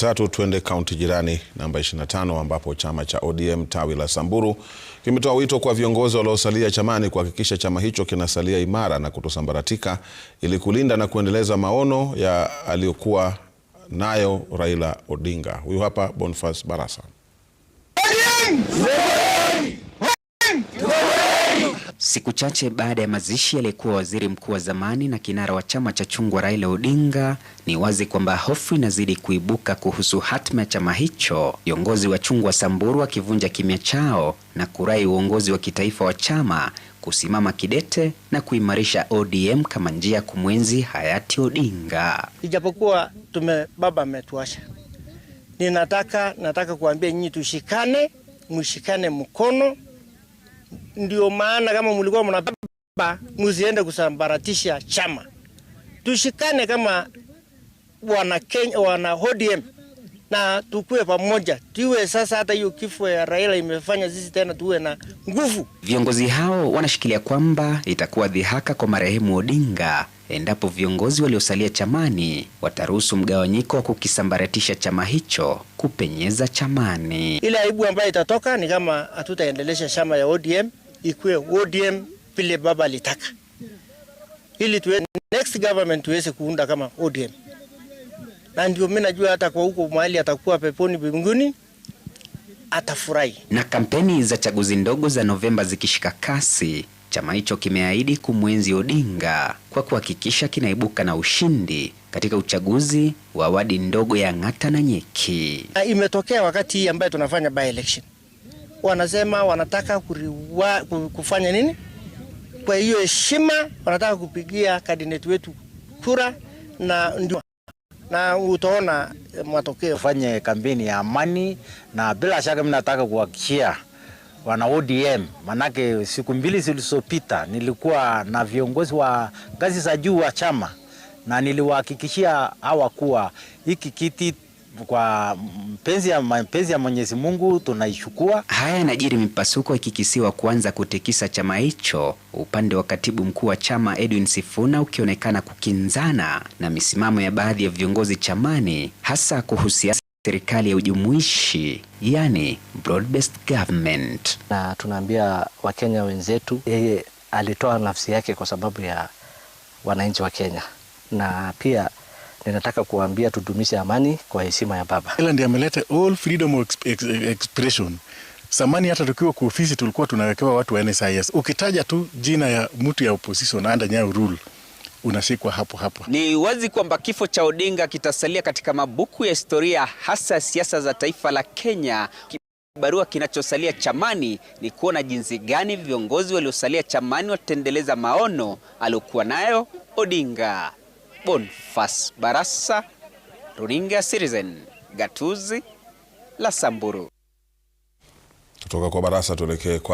Tatu tuende kaunti jirani namba 25 ambapo chama cha ODM tawi la Samburu kimetoa wito kwa viongozi waliosalia chamani kuhakikisha chama hicho kinasalia imara na kutosambaratika ili kulinda na kuendeleza maono ya aliyokuwa nayo Raila Odinga. Huyu hapa Boniface Barasa. ODM! Siku chache baada ya mazishi aliyekuwa waziri mkuu wa zamani na kinara wa chama cha chungwa Raila Odinga, ni wazi kwamba hofu inazidi kuibuka kuhusu hatma ya chama hicho, viongozi wa chungwa Samburu wakivunja kimya chao na kurai uongozi wa kitaifa wa chama kusimama kidete na kuimarisha ODM kama njia ya kumwenzi hayati Odinga. Ijapokuwa tume baba ametuasha, ninataka nataka kuambia nyinyi tushikane, mshikane mkono ndio maana kama mlikuwa mnababa, muziende kusambaratisha chama, tushikane kama wana Kenya, wana ODM na tukue pamoja, tuwe sasa. Hata hiyo kifo ya Raila imefanya sisi tena tuwe na nguvu. Viongozi hao wanashikilia kwamba itakuwa dhihaka kwa marehemu Odinga endapo viongozi waliosalia chamani wataruhusu mgawanyiko wa kukisambaratisha chama hicho kupenyeza chamani. Ile aibu ambayo itatoka ni kama hatutaendelesha chama ya ODM ikuwe ODM vile baba alitaka, ili tuwe next government tuweze kuunda kama ODM na ndio mimi najua hata kwa huko mahali atakuwa peponi binguni atafurahi. Na kampeni za chaguzi ndogo za Novemba zikishika kasi, chama hicho kimeahidi kumwenzi Odinga kwa kuhakikisha kinaibuka na ushindi katika uchaguzi wa wadi ndogo ya Ng'ata na Nyeki. imetokea wakati hii ambaye tunafanya by election, wanasema wanataka kuriwa, kufanya nini? Kwa hiyo heshima wanataka kupigia kandidate wetu kura na ndio na utaona matokeo. Fanye kampeni ya amani, na bila shaka mimi nataka kuhakikishia wana ODM, manake siku mbili zilizopita nilikuwa na viongozi wa ngazi za juu wa chama na niliwahakikishia hawa kuwa hiki kiti kwa mpenzi ya, mpenzi ya Mwenyezi Mungu tunaichukua. Haya yanajiri mipasuko ikikisiwa kuanza kutikisa chama hicho, upande wa katibu mkuu wa chama Edwin Sifuna ukionekana kukinzana na misimamo ya baadhi ya viongozi chamani, hasa kuhusiana serikali ya ujumuishi yani broad based government. Na tunaambia Wakenya wenzetu, yeye alitoa nafsi yake kwa sababu ya wananchi wa Kenya na pia Ninataka kuambia tudumishe amani kwa heshima ya baba. Ireland ameleta all freedom of expression. Samani hata tukiwa kwa ofisi tulikuwa tunawekewa watu wa NSIS. Ukitaja tu jina ya mtu ya opposition under Nyayo rule unashikwa hapo hapo. Ni wazi kwamba kifo cha Odinga kitasalia katika mabuku ya historia, hasa siasa za taifa la Kenya. Barua kinachosalia chamani ni kuona jinsi gani viongozi waliosalia chamani wataendeleza maono aliokuwa nayo Odinga. Bonfas Barasa, Runinga Citizen, gatuzi la Samburu. Kutoka kwa Barasa tuelekee kwa